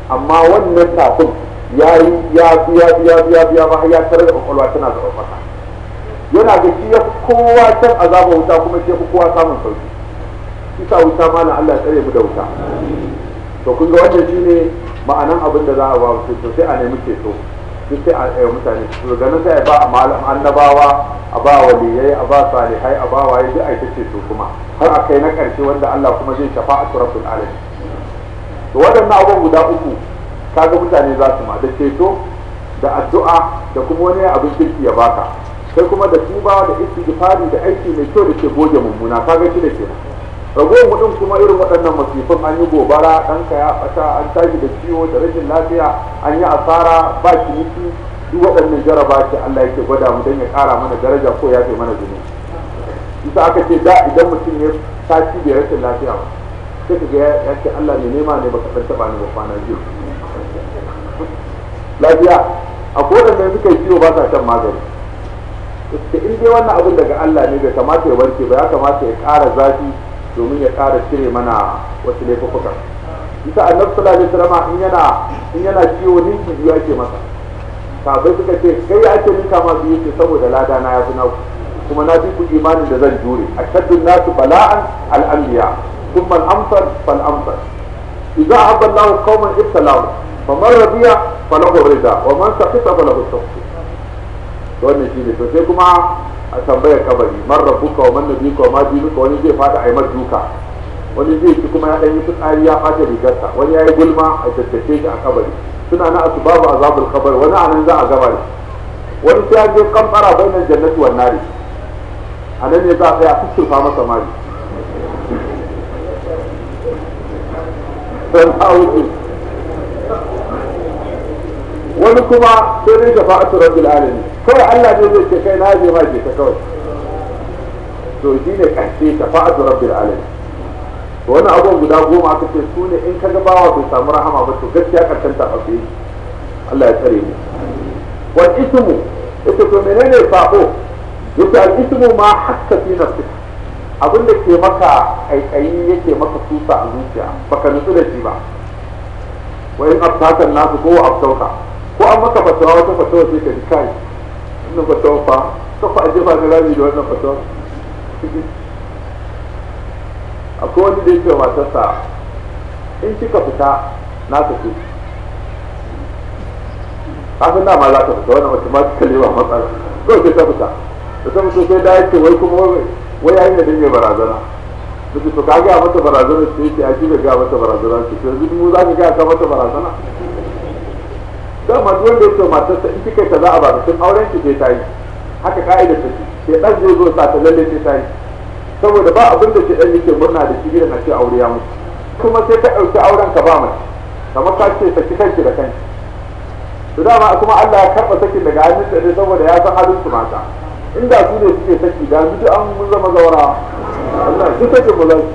amma wannan tafin ya yi ya biya biya biya biya ba ya tarar da kwakwalwa tana zaɓar masa yana ga shi ya kowa can azaba wuta kuma shi kowa samun sauki sa wuta mana Allah tsare mu da wuta to kun ga wannan shine ma'anan abin da za a ba to sai a nemi ceto duk sai a yi mutane su ga nan sai a ba malam annabawa a ba waliyai a ba salihai a ba waye duk a yi ta ceto kuma har a kai na karshe wanda Allah kuma zai shafa a turafin alamin to waɗannan abubuwan guda uku kaga mutane za su ma da ceto da addu'a da kuma wani abin kirki ya baka sai kuma da tuba da istighfari da aiki mai kyau da ke goge mummuna kaga shi da kenan mu mutum kuma irin waɗannan masifin an yi gobara ɗanka ya ɓata an tashi da ciwo da rashin lafiya an yi asara ba ciniki duk waɗannan jaraba ce Allah yake gwada mu don ya ƙara mana daraja ko ya mana zuni isa aka ce da idan mutum ya tashi da rashin lafiya sai ka ga ya ce Allah ne nema ne baka ɗan taɓa ni ba kwana biyu lafiya a kowane suka yi ciwo ba sa shan magani da in dai wannan abin daga Allah ne bai kamata ya warke ba ya kamata ya ƙara zafi domin ya ƙara cire mana wasu laifukan bisa annabi sallallahu alaihi wasallam in yana in yana ciwo ninki biyu ake masa sabai suka ce kai ake ninka ma biyu ce saboda lada na ya fi naku kuma na fi ku imanin da zan jure ashaddun nasu bala'an al-anbiya ثم الامثل فالامثل اذا احب الله قوما ابتلاهم فمن رضي فله الرضا ومن سخط فله السخط wannan shine to sai kuma a tambayar kabari man rabbuka wa man nabiyuka wa ma dinuka wani zai fada ai duka wani zai ci kuma ya dan yi fitsari ya fata rigarsa wani ya yi gulma a tattace shi a kabari suna na asu babu azabul kabar wani anan za a gaba ne wani sai ya je kamfara bainar jannati wan nari a nan ne za a tsaya kusurfa masa mari wani kuma sai dai shafa'atu rabbil alamin kawai Allah ne zai ce kai na je ma je ka kawai to shi ne ƙarshe shafa'atu rabbil alamin to wani abu guda goma aka ce su ne in ka ga bawa bai samu rahama ba to gaskiya karshen ta ƙarfe Allah ya tsare mu wal ismu ita to menene sabo yadda al ismu ma hakka fi nafsi abin da ke maka kaikayi yake maka tusa a zuciya baka nutsu da shi ba wa in abtaka nasu ko abtauka ko an maka fatawa wata fatawa sai ka ji kai wannan fatawa fa kafa a jefa na rami da wannan a akwai wani da yake matarsa in kika fita na tafi kafin dama za ta fita wani wata ma ta lewa matsala ko ke ta fita da ta fito sai da ce wai kuma wai yi da dinge barazana da su ka ga mata barazana ce ce a kika ga mata barazana ce yanzu mu za ka gaya ta mata barazana dama duk wanda ya ce matarsa in kika kaza a bakin auren ki sai tayi haka ka'ida ta ce sai dan zai zo sa ta lalle sai saboda ba abin da dan yake murna da shi irin a ce aure ya mutu kuma sai ka ɗauki auren ka ba mace kamar ka ce saki kanki da kanki to dama kuma Allah ya karɓa sakin daga hannun sa ne saboda ya san halin su mata inda su ne suke saki da duk an mun zama zaura. Allah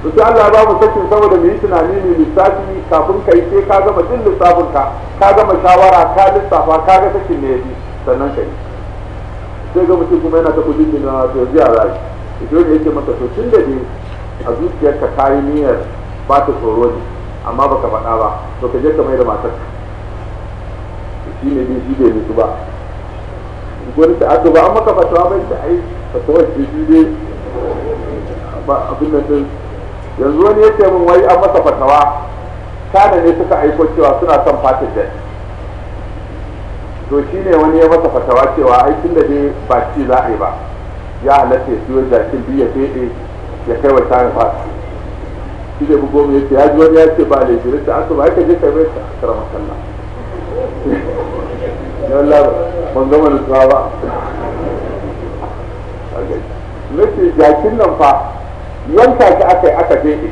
insha Allah ba mu sakin saboda mu yi tunani mu lissafi kafin ka yi sai ka gama din lissafin ka ka gama shawara ka lissafa ka ga sakin ne yaji sannan kai sai ga mutum kuma yana ta kudin na to ji a rai ido ne yake masa to tun da ne a zuciyarka ka yi niyyar ba ta tsoro ne amma baka faɗa ba to ka je ka mai da matarka shi ne din shi bai mutu ba gwani ta ato ba an maka fatawa bai ta ai fatawar shi dai ba abin ta. yanzu wani ya ce min wai an masa fatawa kana ne suka aiko cewa suna son fatin da to shine wani ya masa fatawa cewa ai tun da dai ba ci za a yi ba ya halatta ya siyo jakin biyu ya fede ya kai wa tayin fata shi ne bugo mu yace ya ji wani ya ce ba ne jirin ta asuba ba aka je kai mai ta karama sallah ya Allah ban da nutsuwa ba nake jakin nan fa yanka shi aka yi aka jefe,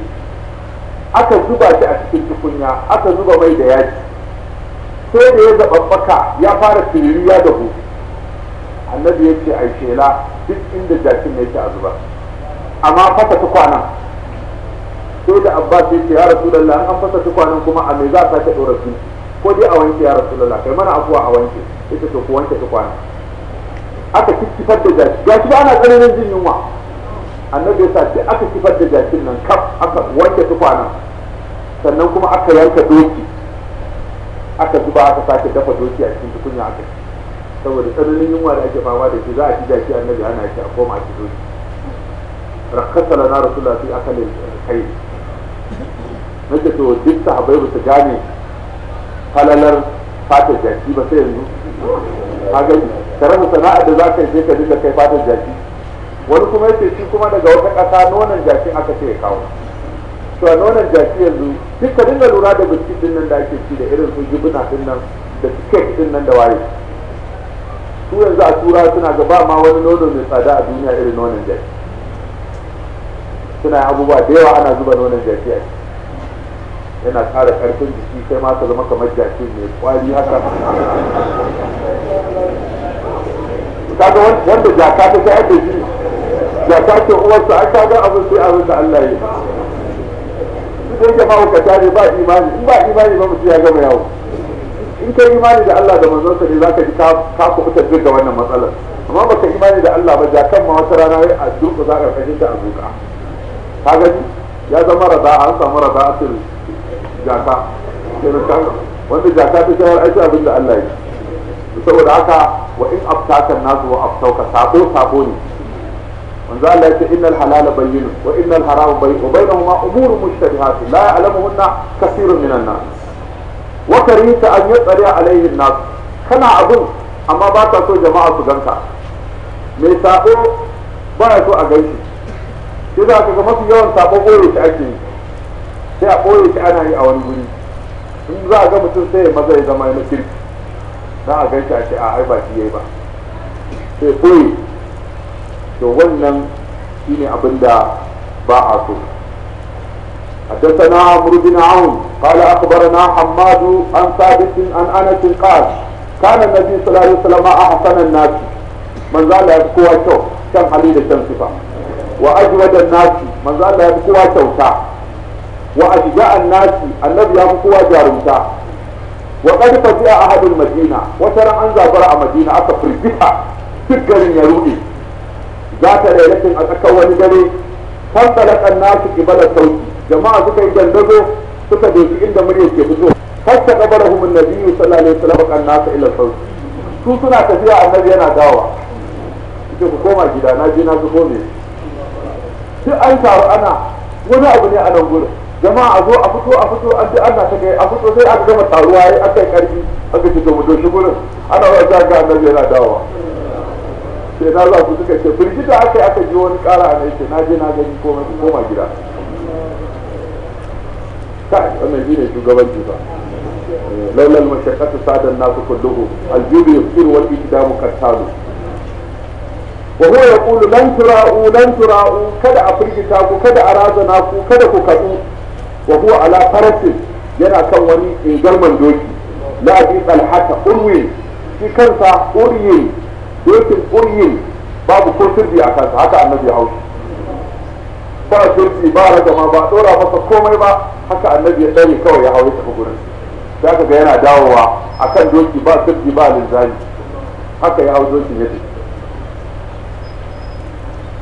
aka zuba shi a cikin tukunya aka zuba mai da yaji sai da ya zaɓaɓɓaka ya fara tiriri ya dahu annabi ya ce ai shela duk inda jakin ne yake a zuba amma fasa tukwanan sai da abbas ya ce ya rasu lalla, an fasa tukwanan kuma a mai za a sake ɗora su ko dai a wanke ya rasu lalla, kai mana afuwa a wanke ita to ku wanke tukwanan aka kifar da jaki gashi ba ana tsananin jin yunwa annabi ya sa aka kifar da jakin nan kaf aka wanke tukwana sannan kuma aka yanka doki aka zuba aka sake dafa doki a cikin tukunya aka ci saboda tsananin yunwa da ake fama da shi za a ci jaki annabi ana ci a koma ci doki rakkasa lana rasulullah aka ne kai nake to duk sahabbai ba su gane falalar fatar jaki ba sai yanzu a gani ka sana'a da za ka yi sai ka duka kai fatar jaki wani kuma yace shi kuma daga wata ƙasa nonon jaki aka ce ya kawo to a nonon jaki yanzu duk ka dinga lura da biskit din nan da ake ci da irin su jibuna din nan da cake din nan da waye su yanzu a tura suna ga ba ma wani nono mai tsada a duniya irin nonon jaki suna abubuwa da yawa ana zuba nonon jaki a yana ƙara ƙarfin jiki sai ma ka zama kamar jaki mai kwari haka kaga wanda jaka ta ga yadda shi da ta uwarsa an ta ga abin sai abin da Allah ya yi sai jama'a ka tare ba imani in ba imani ba mutum ya gama yawo in kai imani da Allah da manzon sa ne zaka ji ka kubuta duk da wannan matsalar amma baka imani da Allah ba ja kan ma wata rana wai a duka za ka kashe ta a duka ka gani ya zama rada an samu rada a cikin jaka wanda jaka ta shayar aiki abin da Allah ya yi saboda haka wa in aftaka nasu wa aftauka sabo sabo ne manzo Allah yace innal halala bayyinun wa innal harama bayyinun wa bainahuma umurun mushtabihatun la ya'lamuhunna kathirun minan nas wa karita an yatsari alaihi nas kana abun amma ba ta so jama'a su ganka Me sabo ba ya so a ganshi shi za mafi yawan sabo boye shi ake sai a boye ana yi a wani wuri in za a ga mutum sai ya maza ya zama na kirki za a ganshi a ce ba shi yayi ba sai boye to wannan shine abin da ba a so حدثنا عمرو بن عون قال اخبرنا حماد عن ثابت عن انس قال كان النبي صلى الله عليه وسلم احسن الناس من زال يبكوا شوف كم حليل الشمسفة واجود الناس من زال يبكوا شوتا واشجاع الناس النبي يبكوا جارمتا وقد فجاء احد المدينه وترى ان زابر مدينه اتفرقها في الجرين يرودي za a ذات ليلة أتكون kan فانطلق الناس قبل sauki jama'a suka yi dandazo suka doki inda murya ke fito bara ta kabarahum annabi sallallahu alaihi wasallam kan nasu ila sauti su suna tafiya annabi yana dawa suke ku koma gida na je na zubo ne duk an taru ana wani abu ne a nan gurin jama'a a zo a fito a fito an ji ana ta kai a fito sai aka gama taruwa ya aka yi karfi aka ci to mu doshi gurin ana wa ga annabi yana dawa sai na za ku suka ce firgita aka yi aka ji wani kara a nan na je na gani koma koma gida kai wannan shine shugabanci ba eh, laulal mashaqqatu sadan kulluhu aljubi kattalu wa huwa lan tura'u lan tura'u kada a firgita ku kada a razana ku kada ku kaɗu. wa huwa ala farasin yana kan wani ingarman doki la'adi bi talhata shi kansa urwi dokin ƙuryin babu ko sirri a kansa haka annabi ya haushi ba sirri ba ragama ba ɗora masa komai ba haka annabi ya ɗari kawai ya haure tafi gurin za kaga yana dawowa a kan doki ba sirri ba linzali haka ya hau dokin yadda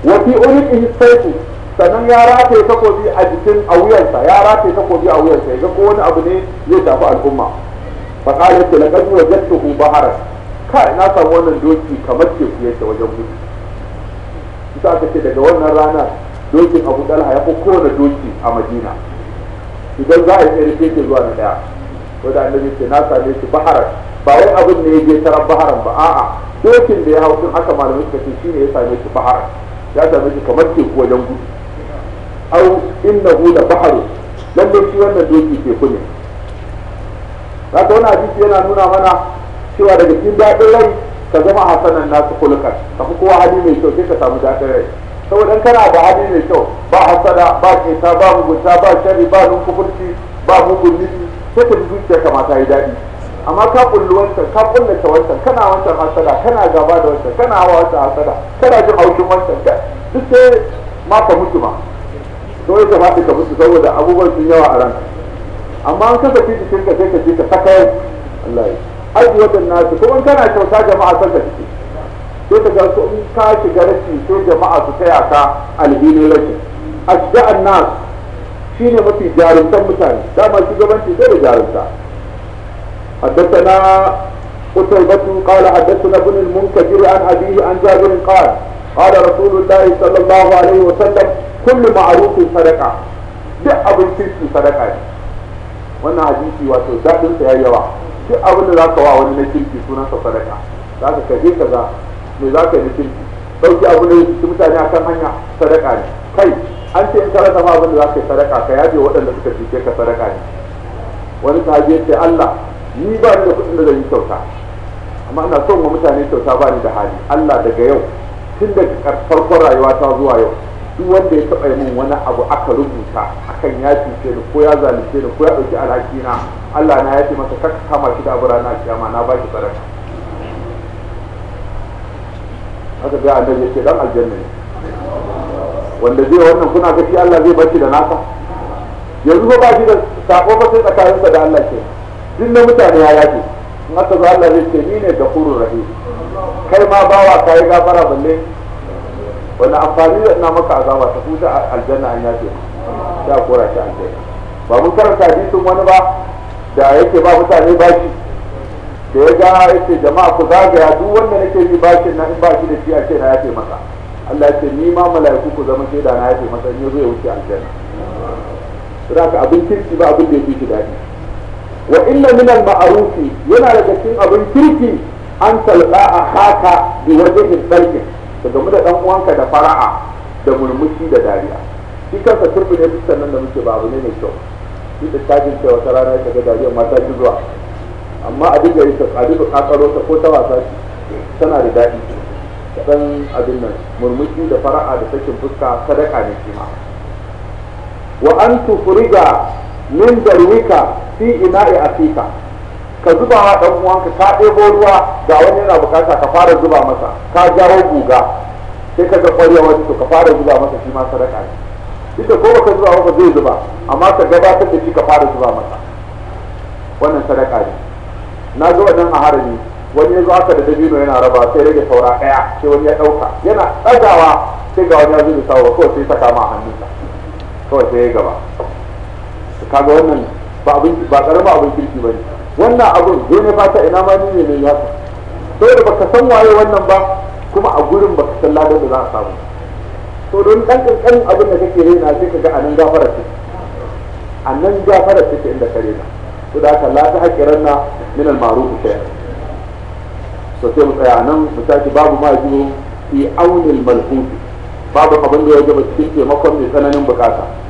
wafi uliqihi sayfu sannan ya rataye takobi a jikin a wuyansa ya rataye takobi a wuyansa ya ga ko wani abu ne zai tafi al'umma fa qala laqad wajadtuhu baharan kai na samu wannan doki kamar teku yake wajen gudu isa aka ce daga wannan rana dokin abu dalha ya fi kowane doki a madina idan za a yi tsere ke zuwa na daya wanda annabi ce na same shi baharar ba wai abin ne ya je tarar baharar ba a'a dokin da ya hau sun haka malamai suka ce shine ya same shi baharar ya same shi kamar ke teku wajen gudu au na la baharu lallai shi wannan doki teku ne zaka wani hadisi yana nuna mana cewa daga cikin daɗin rai ka zama hasanan nasu kulukan kafi kowa hali mai kyau sai ka samu daɗin rai saboda in kana da hali mai kyau ba hasada ba ƙeta, ba mugunta ba shari ba nunkufurci ba mugun nufi sai ka ji zuciya kamata yi daɗi amma ka kulli wancan ka ta wancan kana wancan hasada kana gaba da wancan kana hawa wancan hasada kana jin haushin wancan ka duk sai ma ka mutu ma dole ta faɗi ka mutu saboda abubuwan sun yawa a ranka amma an kasa fi jikin ka sai ka je ka saka Allah da nasu kuma kana kyauta jama'a san da kike sai ka ga su in ka shiga rashi sai jama'a su taya ka alhinin rashi ashja'an nas shine mafi jarumtan mutane dama shugabanci sai da jarumta حدثنا قتيبة قال حدثنا ابن المنكدر عن أبيه عن جابر قال قال رسول الله صلى الله عليه وسلم كل معروف sadaka, duk abin kirki sadaka ne wannan hadisi wato daɗin sa yayi yawa duk abin da za ka wa wani na kirki sunan sa sadaka za ka kaje ka za, me za ka yi kirki sauki abu ne su mutane akan hanya sadaka ne kai an ce in ka rasa ma abin da za ka yi sadaka ka yaje waɗanda suka cike ka sadaka ne wani sahabi ya ce Allah ni ba ni da kuɗin da zan yi kyauta amma ina son wa mutane kyauta ba ni da hali Allah daga yau tun daga farkon rayuwa ta zuwa yau duk wanda ya taɓa min wani abu aka rubuta akan ya cuce ni ko ya zalunce ni ko ya ɗauki alhaki na Allah na ya ce masa kaka kama shi da abu rana kiyama na baki baraka haka ga annabi ya ce dan aljanna ne wanda zai wannan kuna ga shi Allah zai shi da nasa yanzu ba shi da sako ba sai tsakaninsa da Allah ke duk na mutane ya yaje in aka zo Allah zai ce ni ne da rahim kai ma bawa kai gafara balle wannan amfani da ina maka azaba ta huta aljanna an yafe ya kora shi aljanna ba mun karanta hadisin wani ba da yake ba mutane bashi da ya ga yake jama'a ku zagaya duk wanda nake bi bashin na in ba shi da shi a ce na yafe masa Allah ya ce ni ma mala'iku ku zama shaida na yafe masa ni yazo ya wuce aljanna saboda ka abin kirki ba abin da ya yake shi daɗi wa inna min al-ma'rufi yana daga cikin abin kirki an talqa a haka bi wajhin sarkin ka gamu da dan uwanka da fara'a da murmushi da dariya shi kansa turbine dukkan nan da muke ba abu ne mai kyau shi da tajin cewa ta rana ta ga dariyar mata ki zuwa amma a duka yasa a duk kakaro ta ko ta wasa shi, tana da daɗi kaɗan abin nan murmushi da fara'a da sakin fuska sadaka ne shi ma wa an tufriga min darwika fi ina'i afika ka zuba wa ɗan uwanka ka ɗebo ruwa ga wani yana bukata ka fara zuba masa ka jawo guga sai ka ga kwarewa su ka fara zuba masa shi ma sadaka ne ita ko baka zuba masa zai zuba amma ka gabatar da shi ka fara zuba masa wannan sadaka ne na zo nan a harami wani ya zo aka da dabino yana raba sai rage saura ɗaya sai wani ya ɗauka yana ɗagawa sai ga wani ya zo da sawa kawai sai saka ma a hannunsa kawai sai ya gaba Ka ga wannan ba abin ba karamin abin kirki ba ne. wannan abun zai ne fata ina ma ni ne mai yasa saboda baka san waye wannan ba kuma a gurin baka san ladar da za a samu to don dan kankanin abin da kake raina sai ka ga anan gafara ce anan gafara ce inda ka to da haka la ta hakiranna min al ma'ruf shay'a so sai mu tsaya nan mu tafi babu ma jiwo fi aunil malhut babu abin da ya gaba cikin taimakon mai tsananin bukata